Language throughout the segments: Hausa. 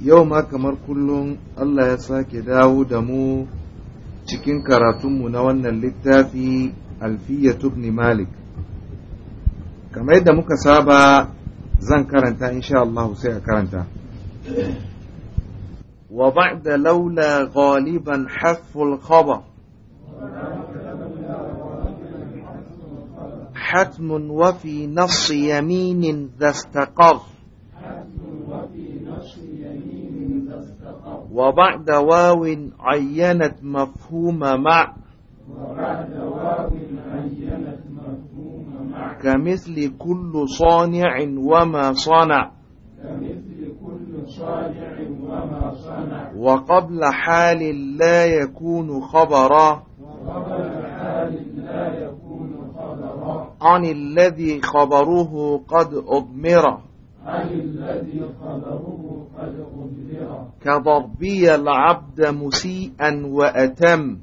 yau ma kamar kullum Allah ya sake dawo da mu cikin karatunmu na wannan littafi alfiya tubni malik kamar yadda muka saba zan karanta insha Allah sai a karanta wa ba'da laula ghaliban hasful khaba حتم وفي نص يمين ذا استقر وبعد واو عينت مفهوم مع وبعد واو عينت مفهوم مع كمثل كل صانع وما صنع كمثل كل صانع وما صنع وقبل حال لا يكون خبرا وقبل حال لا يكون خبرا عن الذي خبره قد أضمر عن الذي خبره كضربي العبد مسيئا وأتم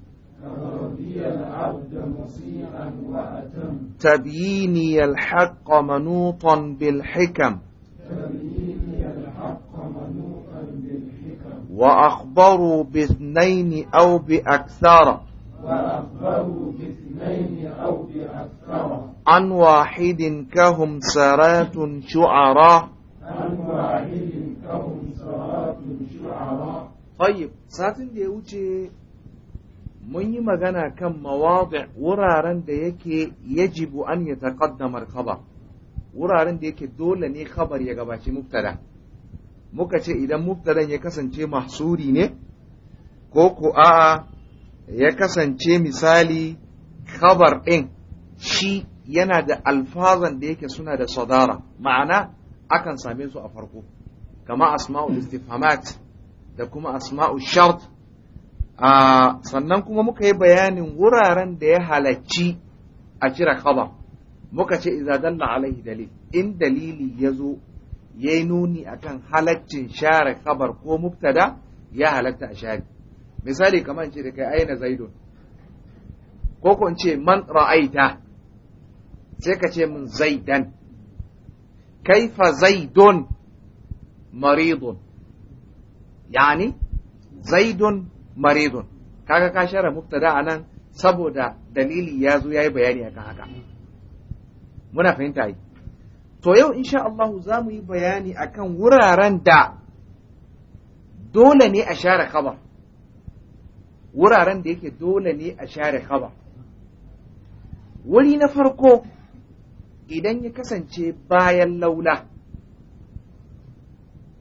تبييني الحق منوطا بالحكم وأخبروا باثنين أو بأكثر وأخبروا باثنين أو عن واحد كهم سارات شعراء عن واحد Tayyib, satin da ya wuce mun yi magana kan mawaɗi wuraren da yake yajibu an ya taƙaddamar kabar, wuraren da yake dole ne khabar ya gabaci Muftada. muka ce idan Muftadan ya kasance mahsuri ne ko ko a'a ya kasance misali khabar ɗin shi yana da alfazan da yake suna da sadara ma'ana akan same su a farko kama asma'ul istifhamat da kuma Asma'u shart sannan kuma muka yi bayanin wuraren da ya halacci a cire khabar muka ce idza dalla alaihi dalil in dalili ya zo ya yi nuni akan halaccin share khabar ko muktada ya halatta a share misali kamar ce da kai aina zaidun ko ko ce man ra'aita sai ka ce min zaidan kaifa zaidun maridun yani zaidun maridun kaga ka share a nan saboda dalili ya zo yayi bayani akan haka muna fahimta yi to yau insha Allah za mu yi bayani akan wuraren da dole ne a share khabar wuraren da yake dole ne a share kaba wuri na farko idan ya kasance bayan laula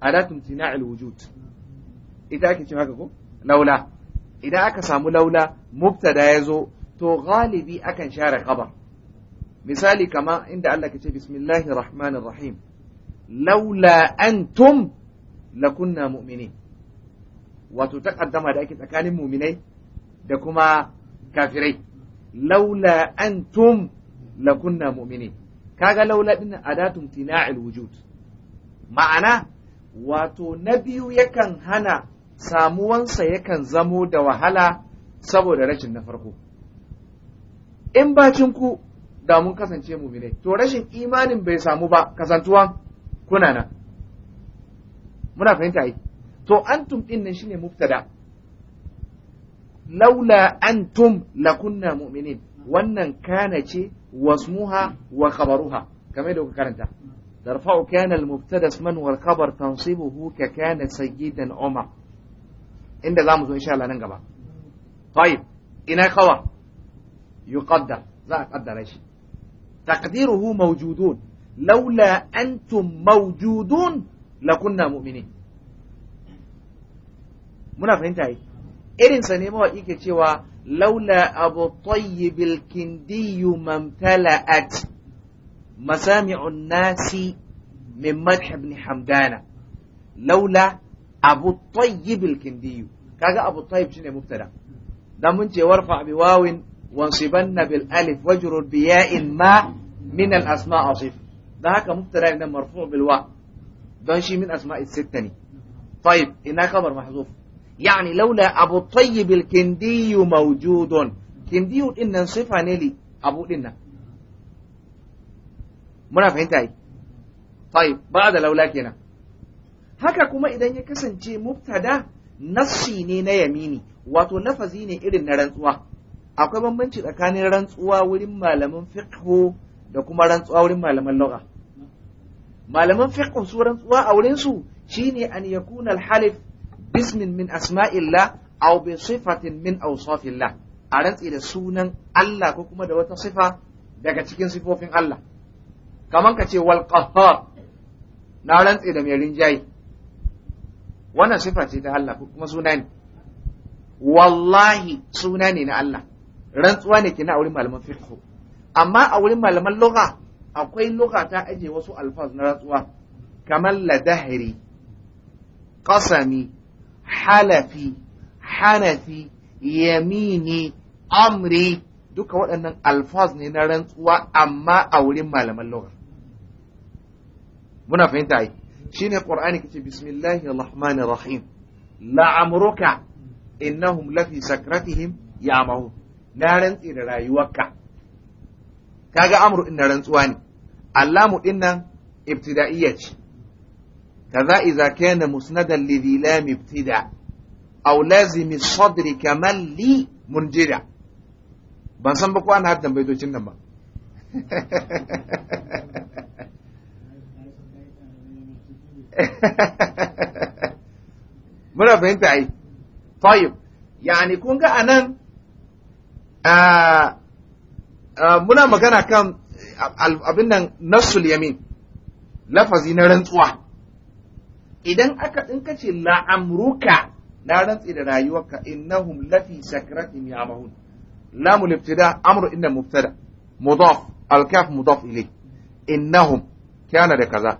adatun tina'il wujud ita ake haka ko laula idan aka samu laula mubtada ya zo to galibi akan share khabar misali kama inda Allah ke ce bismillahir rahmanir rahim laula antum lakunna mu'minin wato takaddama da ake tsakanin mu'minai da kuma kafirai laula antum lakunna mu'minin kaga laula din adatun tina'il wujud ma'ana wato na biyu yakan hana samuwansa yakan zamo da wahala saboda rashin na farko in bacin ku da mun kasance ne to rashin imanin bai samu ba kasantuwa kuna na? muna fahimta yi. to antum din nan shine muftada. laula antum lakunna mu'minin wannan kana ce wasmuha wa khabaruha kamar da kuka karanta ترفع كان المبتدا اسما والخبر تنصبه ككان سيدا عمر nan gaba طيب shi taqdiruhu mawjudun laula antum mawjudun lakunna mu'minin muna fahimta yi irin ne mawaƙi ke cewa laula abu kindiyu mamtala'at مسامع الناس من مدح ابن حمدان لولا أبو الطيب الكندي كذا أبو الطيب شنو مبتدا ده منتي وارفع بواو وانصبن بالألف وجر بياء ما من الأسماء أصف ده هكا مبتدا مرفوع بالواو ده شيء من أسماء الستة ني. طيب إنها خبر محذوف يعني لولا أبو الطيب الكندي موجود كندي إن صفة لي أبو إنه muna fahimta yi tayyib ba da laula kenan haka kuma idan ya kasance mubtada nassi ne na yamini wato lafazi ne irin na rantsuwa akwai bambanci tsakanin rantsuwa wurin malaman fiqhu da kuma rantsuwa wurin malaman lugha malaman fiqhu su rantsuwa a wurin su shine an yakuna al-halif bismin min asma'illah aw bi sifatin min awsafillah a rantsi da sunan Allah ko kuma da wata sifa daga cikin sifofin Allah kaman ka ce wal qahhar na rantse da mai rinjaye wannan sifa ce ta Allah kuma suna ne wallahi suna ne na Allah rantsuwa ne ke a wurin malaman fiqh amma a wurin malaman lugha akwai lugha ta aje wasu alfaz na rantsuwa kamar ladahri qasami halafi hanafi yamini amri duka waɗannan alfaz ne na rantsuwa amma a wurin malaman lugha muna fahimta ai shine qur'ani kace bismillahir rahmanir rahim la'amruka innahum lafi sakratihim ya'mahun na rantsi da rayuwarka kaga amru din na rantsuwa ne allamu din nan ibtida'iyya ce kaza idza kana musnadan li lam ibtida aw lazimi, sadri kamal li munjida ban san ba ko ana haddan baitocin nan ba muna fahimta ai tayyib yani kun ga anan muna magana kan abin nan nassul yamin lafazi na rantsuwa idan aka ɗinka ka ce la'amruka na rantsi da rayuwarka innahum lafi sakratin ya'mahun لام الابتداء امر ان مبتدا مضاف الكاف مضاف اليه انهم كان لكذا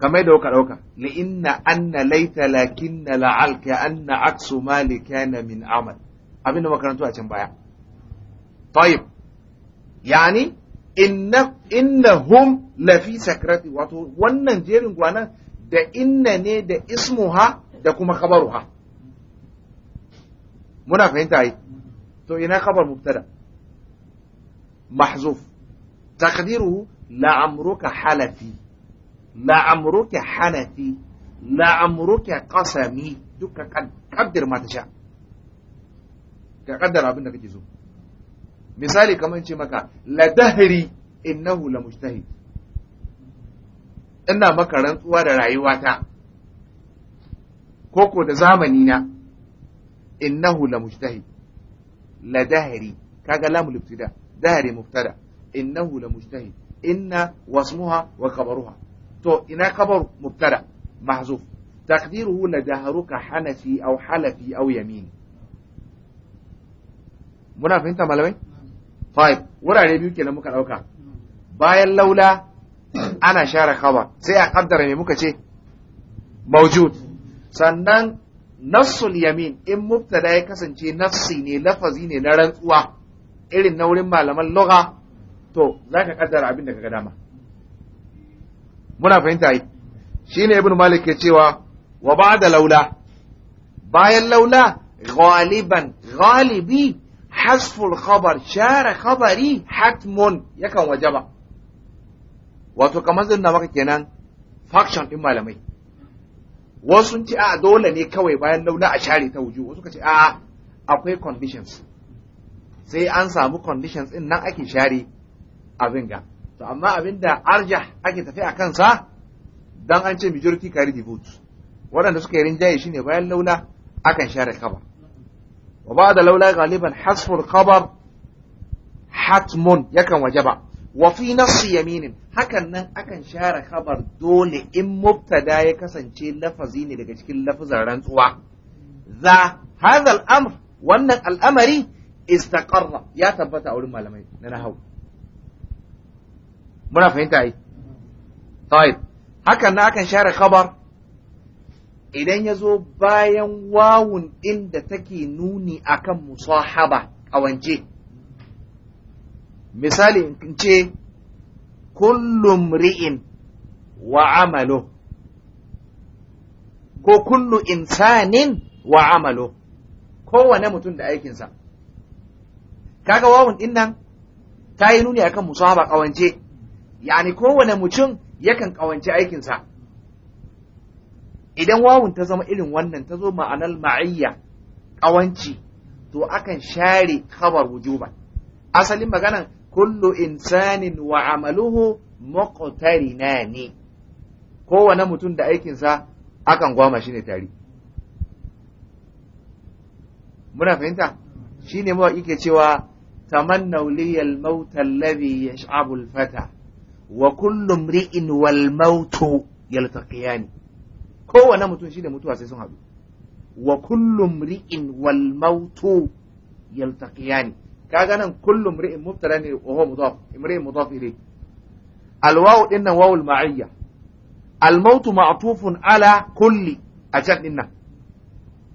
كما يدوكا دوكا لان ان ليت لكن لعل كان عكس ما كان من عمل abin da makarantu a can baya طيب yani inna innahum lafi sakrati wato wannan jerin gwanan da inna ne da ismuha da kuma khabaruha muna fahimta yi تو هنا خبر مبتدا محذوف تقديره لعمرك حلفي لعمرك حلفي لعمرك قسمي دوك قدر ما تشاء كقدر أبنك جزو مثالي كمان شي مكا لدهري إنه لمجتهد ina maka rantsuwa da rayuwata koko da zamanina innahu la mujtahid لدهري كاجا لام الابتداء دهري مبتدا انه لمجتهد ان واسمها وخبرها تو انا خبر مبتدا محذوف تقديره لدهرك حنفي او حلفي او يمين muna fahimta malamai five wurare biyu kenan muka dauka bayan laula ana share khabar sai a kaddara me muka ce mawjud sannan nassul yamin in mubtada ya kasance nafsi ne lafazi ne na rantsuwa irin na wurin malaman lugha to zaka kaddara abin da kaga dama muna fahimta yi shine ibn malik ke cewa wa ba da laula bayan laula غالبا غالبي hasful khabar شار khabari yakan yakan wajaba wato kamar zan maka kenan faction din malamai wasu sun ce a dole ne kawai bayan launa a share ta wuju wasu ka ce a akwai conditions sai an samu conditions din nan ake share abin ga to amma abin da arja ake tafi a kansa dan an ce majority carry the vote waɗanda suka yi rinjaye shine bayan launa akan share kabar wa ba da laula galiban hasful kabar hatmun yakan ba. wa fi nassi yaminin hakan nan akan share kabar dole in mubtada ya kasance lafazi ne daga cikin lafazan rantsuwa za hadha al-amr wannan al'amari istaqarra ya tabbata a wurin malamai na muna fahimta طيب hakan na akan share khabar idan ya zo bayan wawun da take nuni akan musahaba ƙawance misali in ce kullum ri'in wa amalo ko kullu insanin wa amalo kowane mutum da aikinsa kaga wawun din nan ta yi nuni akan musaba kawance yani kowane mutum yakan kawance aikinsa idan wawun ta zama irin wannan ta zo ma'anar ma'ayya kawanci to akan share khabar wujuban asalin maganan kullu insanin wa amaluhu muqtarinani kowane mutum da aikinsa akan gwama shi ne tare muna fahimta shine mawaki ke cewa tamannau liyal maut alladhi yash'abu al wa kullu mri'in wal maut yaltaqiyani kowane mutum shine mutuwa sai sun haɗu wa kullu mri'in wal maut yaltaqiyani kaga nan kullum ri'in mubtala ne wa huwa mudaf imri'in mudaf ilayh alwawu dinnan wawul ma'iyya almautu ma'tufun ala kulli a can dinnan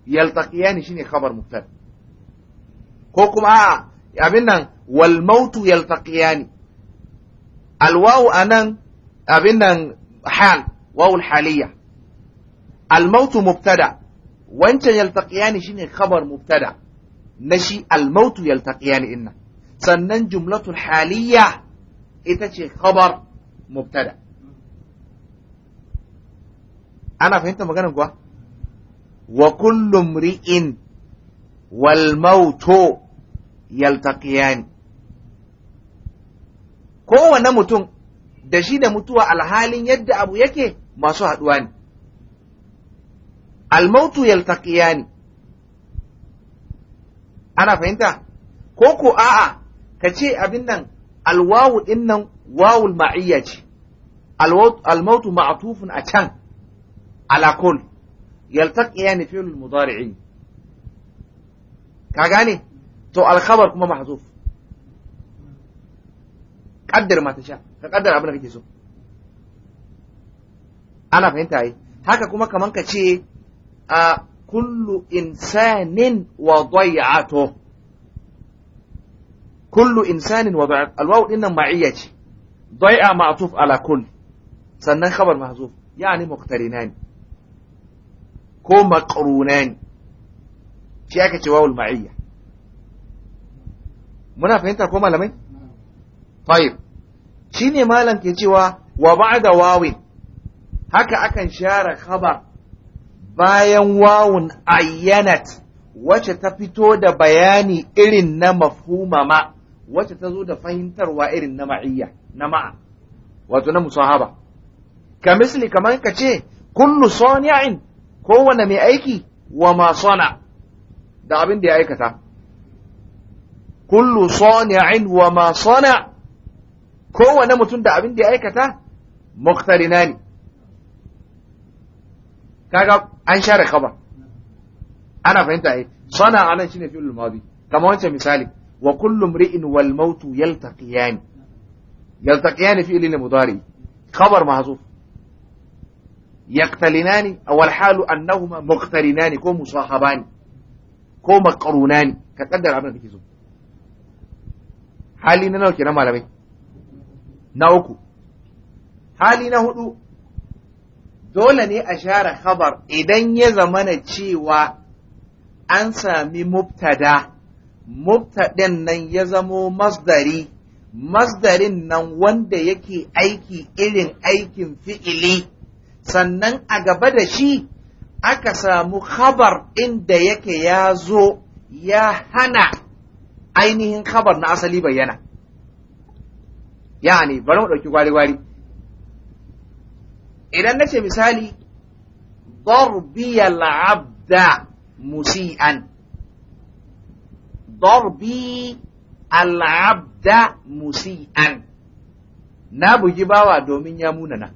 yaltaqiyani shine khabar mubtada ko kuma a'a abin nan wal mautu yaltaqiyani alwawu anan abin nan hal wawul haliyya almautu mubtada wancan yaltaqiyani shine kabar muftada. na shi almautu yaltaqiyani inna sannan jumlatul haliyya ita ce khabar mubtada ana fahimta maganar kuwa wa kullu mri'in wal mautu yaltaqiyani kowane mutum da shi da mutuwa alhalin yadda abu yake masu haɗuwa ne almautu yaltaqiyani ana fahimta ko ko a'a ka ce abin nan alwawu din nan wawul ma'iyya ce almautu ma'atufun a can ala kul yaltaqiyani fi'l mudari'in ka gane to alkhabar kuma mahzuf kaddar ma ta sha ka kaddar abin da kake so ana fahimta yi haka kuma kaman ka ce a كل إنسان وضيعته كل إنسان وضيعته الواو إن معيتي ضيع معطوف على كل سنة خبر محذوف يعني مقترنان كو مقرونان شيء واو المعية منا فهمت كو مالمين طيب شيني مالا كي جوا وبعد واو هكا أكن شارك خبر bayan wawun ayyanat wacce ta fito da bayani irin na mafhuma ma wacce ta zo da fahimtarwa irin na ma'iyya na ma'a wato na musahaba ka misli kamar ka ce kullu sani'in kowane mai aiki wa ma sana da abin da ya aikata kullu sani'in wa ma sana kowane mutum da abin da ya aikata muqtarinani kaga an share khabar ana fahimta ai sana anan shine fi'il madi kamar wancan misali wa kullu mri'in wal mautu yaltaqiyani yaltaqiyani fi'il ne mudari khabar mahzuf yaqtalinani aw al halu annahuma muqtarinani ko musahabani ko maqrunani ka kaddara abin da kake so hali na nawa na malamai na uku hali na hudu dole ne a share khabar idan ya zamana cewa an sami mubtada mubtadin nan ya zamo masdari masdarin nan wanda yake aiki irin aikin fi'ili sannan a gaba da shi aka samu khabar inda yake ya zo ya hana ainihin khabar na asali bayyana yani bari mu ɗauki gwari-gwari idan na ce misali darbiyal abda musi'an darbi al'abda musi'an na bugi bawa domin ya munana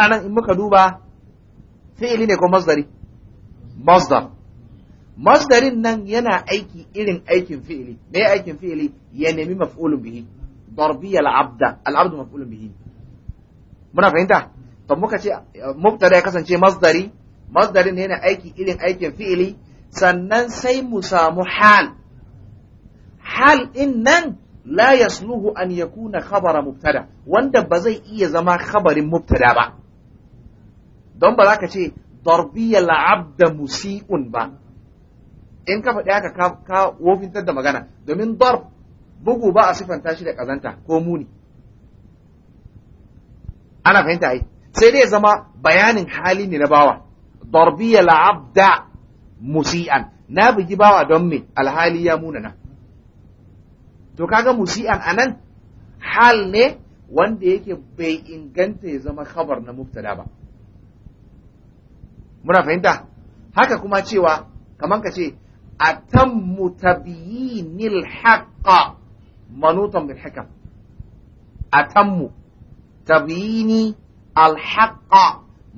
a nan in muka duba fi'ili ne ko masdari masdar masdarin nan yana aiki irin aikin fi'ili me aikin fi'ili ya nemi maf'ulun bihi darbiya al'abda abda al maf'ulun bihi muna fahimta to muka ce mubtada ya kasance masdari masdarin ne yana aiki irin aikin fi'ili sannan sai mu samu hal hal in nan la yasluhu an yakuna khabara mubtada wanda ba zai iya zama khabarin mubtada ba don ba za ka ce darbiya la'abda musi'un ba in ka faɗi haka ka wofintar da magana domin darb bugu ba a sifanta shi da ƙazanta ko muni ana fahimta ai sai dai zama bayanin hali ne na bawa darbiya la'abda musi'an na bugi bawa don me alhali ya munana to kaga musi'an anan hal ne wanda yake bai inganta ya zama khabar na mubtada ba muna fahimta haka kuma cewa kamar ka ce atammu tabyinil haqqa manutan bil hikam atammu تبيين الحق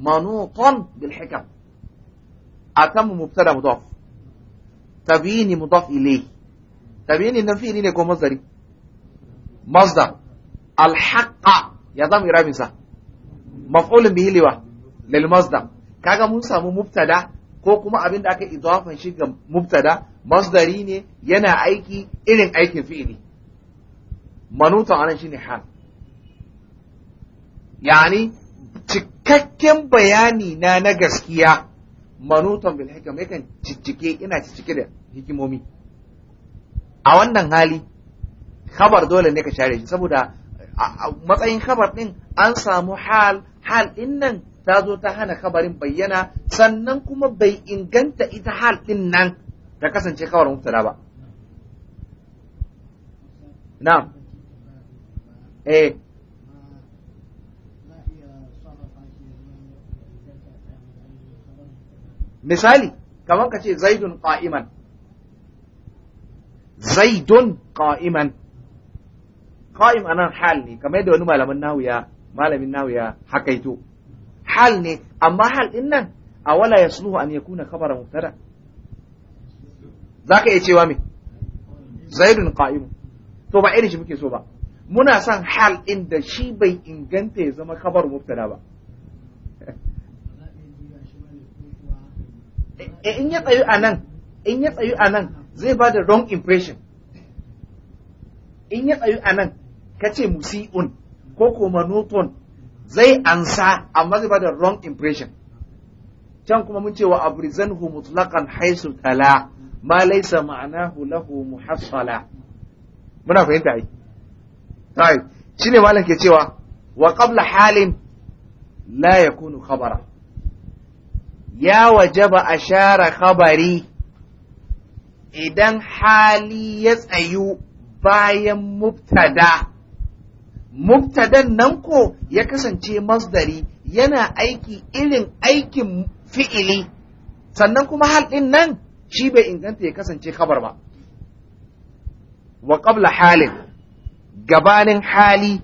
منوط بالحكم أتم مبتدا مضاف تبيين مضاف إليه تبيين النفي لين يكون مصدري مصدر الحق يضم إرامسة مفعول به لوا للمصدر كاغا موسى مبتدا ko kuma abin da aka idafan shi ga mubtada masdari ne yana aiki irin aikin fi'ili manutan anan shine hal yani cikakken bayani na na gaskiya manutan bil hikam yakan cicike ina cicike da hikimomi a wannan hali khabar dole ne ka share shi saboda matsayin khabar din an samu hal hal din nan ta zo ta hana khabarin bayyana sannan kuma bai inganta ita hal din nan ta kasance kawar mubtada ba na'am eh misali kamar ka ce zaidun ƙa'iman zaidun ƙa'iman qa'im anan hal ne kamar yadda wani malamin nawiya malamin nawiya hakaito hal ne amma hal din nan a wala suhu an ya kuna yakuna mutara Za ka iya cewa me zaidun qa'im to ba irin shi muke so ba muna son hal din da shi bai inganta ya zama kabar mubtada ba Eh, in ya tsayu a nan in ya tsayu a nan zai ba da wrong impression in ya tsayu a nan ka ce musi'un ko kuma noton zai ansa amma zai ba da wrong impression can kuma mun ce wa hu mutlaqan haisu tala ma laysa ma'anahu lahu muhassala muna fahimta ai tayi shine malam ke cewa wa qabla halin la yakunu khabara ya wajaba a share kabari idan hali ya tsayu bayan mubtada mubtadan nan ko ya kasance masdari yana aiki irin aikin fi'ili sannan kuma hal ɗin nan shi bai inganta ya kasance kabar ba wa qabla halin gabanin hali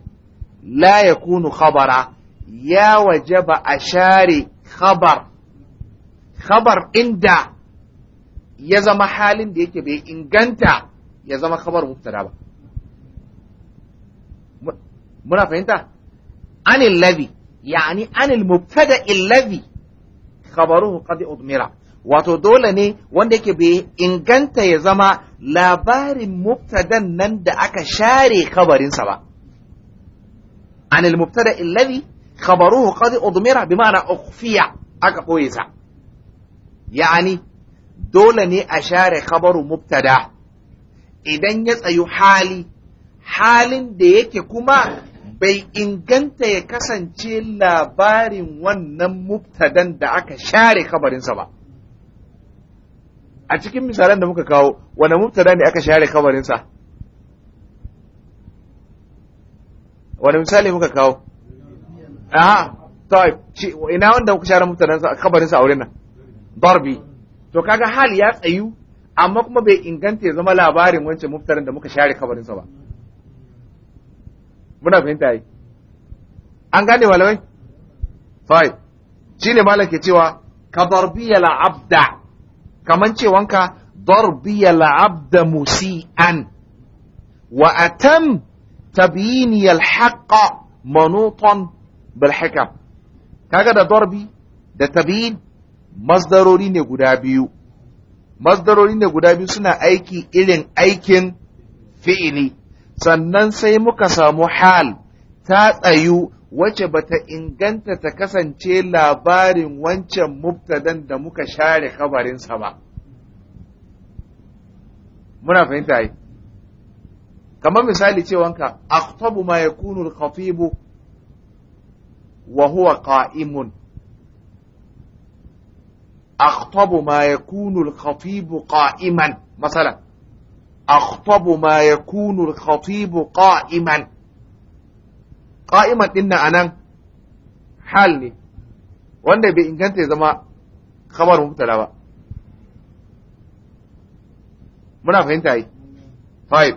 la yakunu khabara ya wajaba a share khabar khabar inda ya zama halin da yake bai inganta ya zama khabar muftada ba muna fahimta anil ladhi yani anil mubtada alladhi khabaruhu qad udmira wato dole ne wanda yake bai inganta ya zama labarin mubtadan nan da aka share khabarinsa ba anil mubtada alladhi khabaruhu qad udmira bi ma'ana ukhfiya aka koyesa. sa ya'ani dole ne a share مبتدا إذن idan ya tsayu hali halin da yake kuma bai inganta ya kasance labarin wannan شار da aka share kabarinsa ba a cikin misalan da muka kawo wane mubtada ne aka share kabarinsa wane misali muka kawo a ina wanda kuka share mubtadansa kabarinsa a wurin nan darbi to kaga hal ya tsayu amma kuma bai inganta ya zama labarin wancan muftarin da muka share kabarinsa ba muna fahimta yi an gane malamai sai shi ne malam ke cewa ka darbiya la'abda kaman cewanka darbiya la'abda musi'an wa atam tabyini al-haqqa manutan bil hikam kaga da darbi da tabyin masdarori ne guda biyu masdarori ne guda biyu suna aiki irin aikin fi'ili sannan sai muka samu hal ta tsayu wacce bata inganta ta kasance labarin wancan mubtadan da muka share kabarinsa ba muna fahimta yi kamar misali cewanka aktabu ma yakunu al-khatibu wa huwa qa'imun أخطب ما يكون الخطيب قائما مثلا أخطب ما يكون الخطيب قائما قائما إن أنا حالي وأنا بإنجانتي زما خبر مبتلى بقى muna fahimta طيب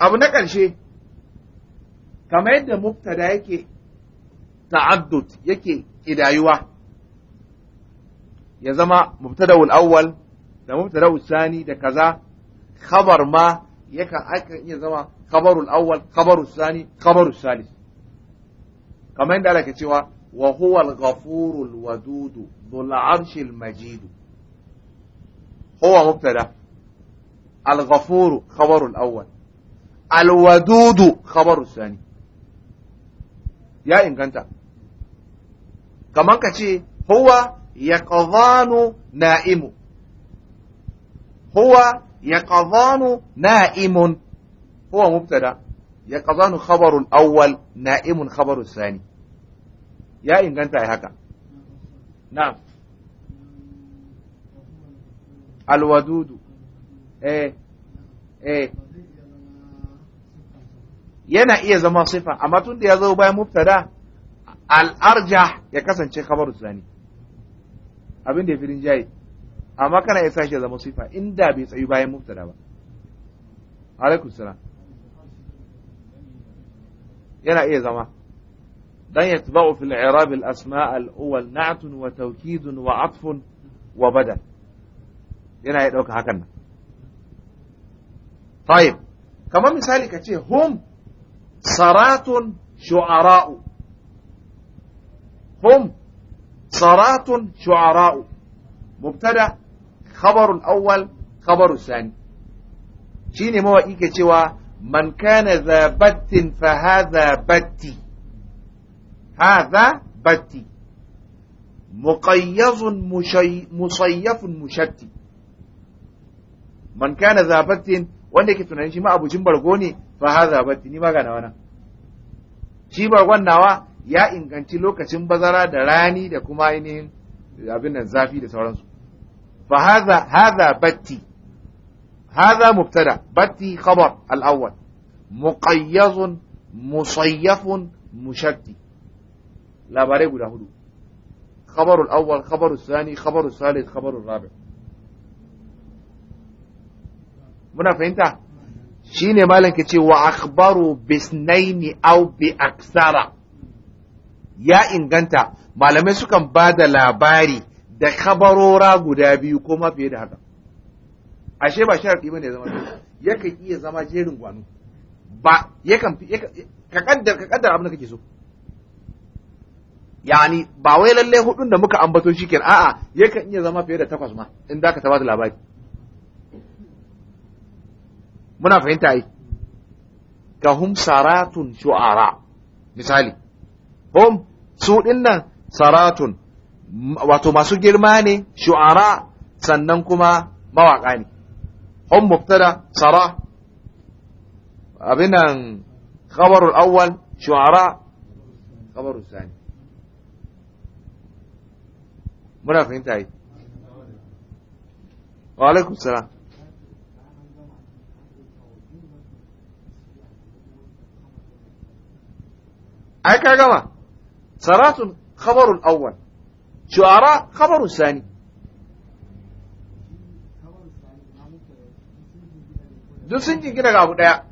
five abu شي كما kamar مبتلى mubtada تعدد ta'addut إذا idayuwa ya zama mubtada'ul awwal da mubtada'ul sani da kaza khabar ma yakan akan iya zama khabarul awwal khabarul sani khabarul salis kamar yadda Allah ke cewa wa huwa al-ghafurul wadudu dhul arshil majid huwa mubtada al-ghafuru khabarul awwal al-wadudu khabarul sani ya inganta kamar ka ce huwa يقظان نائم هو يقظان نائم هو مبتدا يقظان خبر الأول نائم خبر الثاني يا إن كنت هكا نعم الودود ايه ايه ينا ايه zama صفة اما تندي da ya مبتدا الارجح mubtada al خبر الثاني abin da ya fi jaye amma kana ya sashi zama sifa inda bai tsayi bayan mubtada ba alaikum salam yana iya zama dan yatba'u fil i'rab al asma' al awwal na'tun wa tawkidun wa atfun wa badal yana iya dauka hakan nan طيب kamar misali kace ce hum saratun shu'ara'u hum صارات شعراء مبتدا خبر الاول خبر الثاني شيني مو ايكي من كان ذا بت فهذا بتي هذا بتي مقيز مشي مصيف مشتي من كان ذا بت وانا كتنا ما ابو جنبر فهذا بتي ما كان وانا شي بقول ya inganci lokacin bazara da rani da kuma ainihin abin nan zafi da sauransu fa haza haza batti haza mubtada batti khabar al-awwal muqayyaz musayyaf mushatti labarai guda hudu khabar al-awwal khabar al-thani khabar al-thalith khabar al-rabi muna fahimta shine malam ke ce wa akhbaru bisnaini aw bi aksara ya inganta malamai sukan ba da labari da kabarora guda biyu ko ma fiye da haka ashe ba sharaɗi ya zama yakan iya zama jerin gwanu ba yakan ka kaddara ka kaddar abin da kake so yani ba wai lalle hudun da muka ambato shiken a'a yakan iya zama fiye da takwas ma in da ka ta da labari muna fahimta yi. ka hum saratun shu'ara misali hum su dinnan saratun wato masu girma ne shu'ara sannan kuma mawaka ne hum mubtada sara abinan khabarul awwal shu'ara khabarul thani muna fahimta yi wa alaikum salam ai ka gama saratun khabarul Awal. shu'ara khabarul sani duk sun jingina abu ɗaya.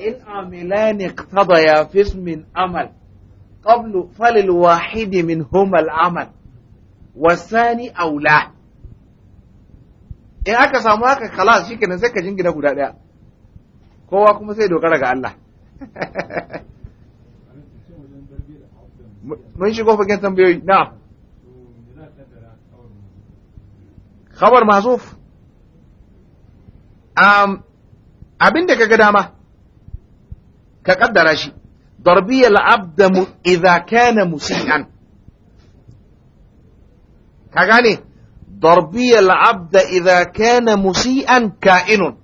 in amilani qtadaya fi min amal qablu falil wahidi min humal amal wasani aula in aka samu haka kala kalas shikenan sai ka jingina guda ɗaya. kowa kuma sai dogara ga Allah ما میشه گفت بگنتم بیایید نه خبر محظوف ام ابن دکه قدامه که قدرشی ضربية لعبد م... إذا كان مسيئا كغاني ضربية لعبد إذا كان مسيئا كائن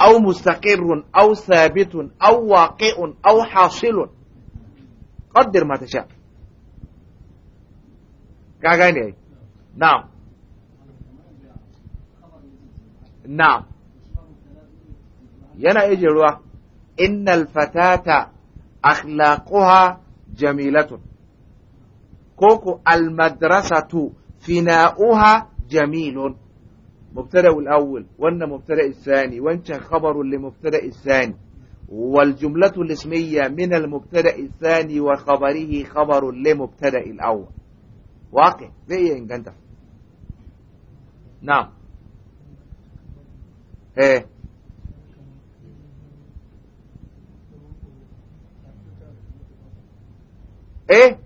أو مستقر أو ثابت أو واقع أو حاصل قدر ما تشاء كاغاني يعني. نعم نعم ينا يجي روا ان الفتاة اخلاقها جميلة كوكو المدرسة فناؤها جميل مبتدأ الأول وأن مبتدأ الثاني وانت خبر لمبتدأ الثاني والجملة الاسمية من المبتدأ الثاني وخبره خبر لمبتدأ الأول واقع زي إيه إن كنت نعم ايه ايه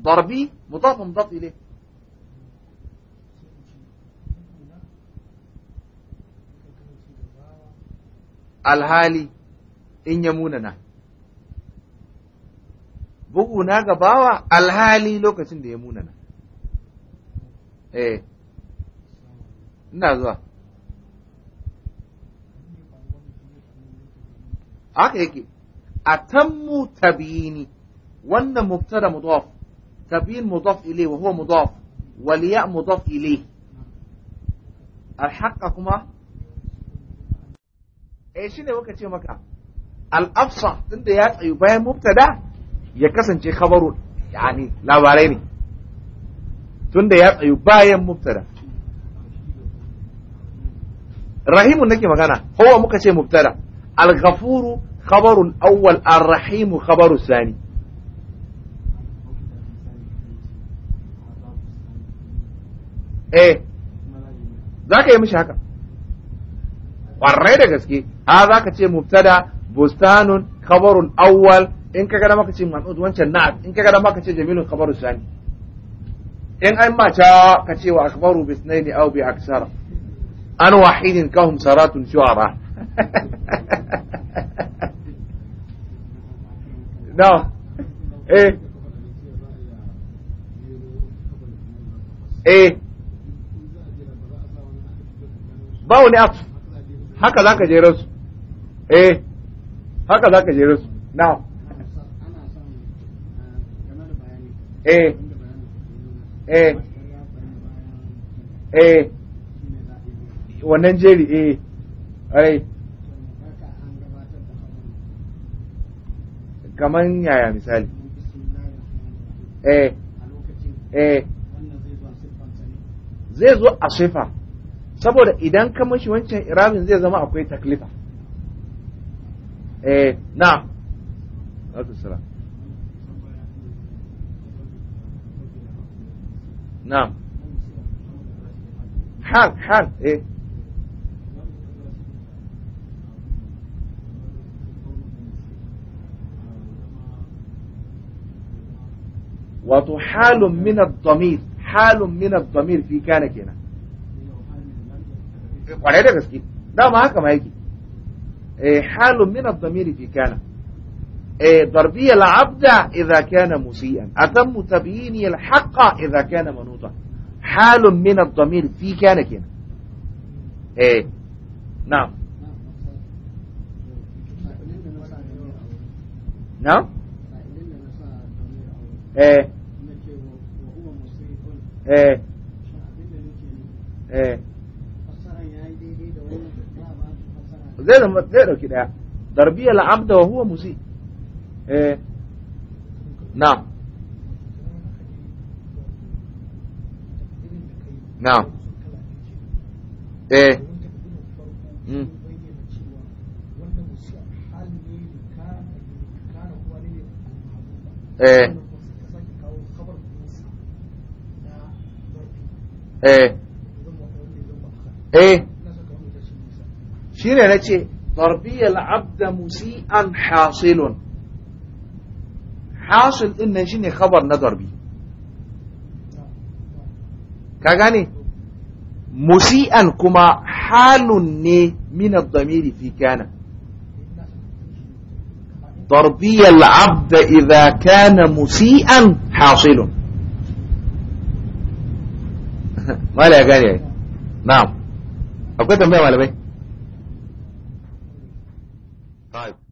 ضربي مضاف مضاف اليه الهالي in ya munana bugu na gabawa alhali lokacin da ya munana eh ina zuwa Aka yake atammu tabyini wannan mubtada mudaf tabyin mudaf ile wa huwa mudaf waliya ya mudaf ilayhi al kuma eh shi ne ce maka al-afsa tunda ya tsayu bayan mubtada ya kasance khabaru yani labarai ne tunda ya tsayu bayan mubtada rahimun nake magana kowa muka ce mubtada al-ghafuru khabarul awwal ar-rahimu khabaru sani eh za ka yi mishi haka ƙwarai da gaske ha za ka ce mubtada bustanun khabarun awwal in ka gada maka ce man'ud wancan na'at in ka gada maka ce jamilun khabaru sani in an mata ka ce wa akbaru bisnaini aw bi aksara an wahidin kahum saratun shu'ara na eh eh ba wani haka za ka jera su eh haka za ka jere su eh, eh. na eh eh eh wannan jeri eh ai kaman yaya misali eh eh zai zo a sifa saboda idan ka mashi wancan irabin zai zama akwai taklifa إيه نعم عليكم السلام نعم حال حال ايه وتحال من الضمير حال من الضمير في كان هنا kwarai da gaske dama معاك ما yake إيه، حال من الضمير في كان إيه، ضربية العبد إذا كان مسيئا أتم تبيين الحق إذا كان منوطا حال من الضمير في كان كان إيه نعم نعم ايه ايه زي لما تنقرأ كده تربية العبد وهو مزيد إيه؟ نعم نعم ايه ايه ايه, إيه؟ تفسير لكي تربية العبد مسيء حاصل حاصل إن جني خبر نظر بي كاغاني مسيئا كما حال من الضمير في كان ترضي العبد إذا كان مسيئا حاصل ما لا يا نعم أقول لك ما لا بي طيب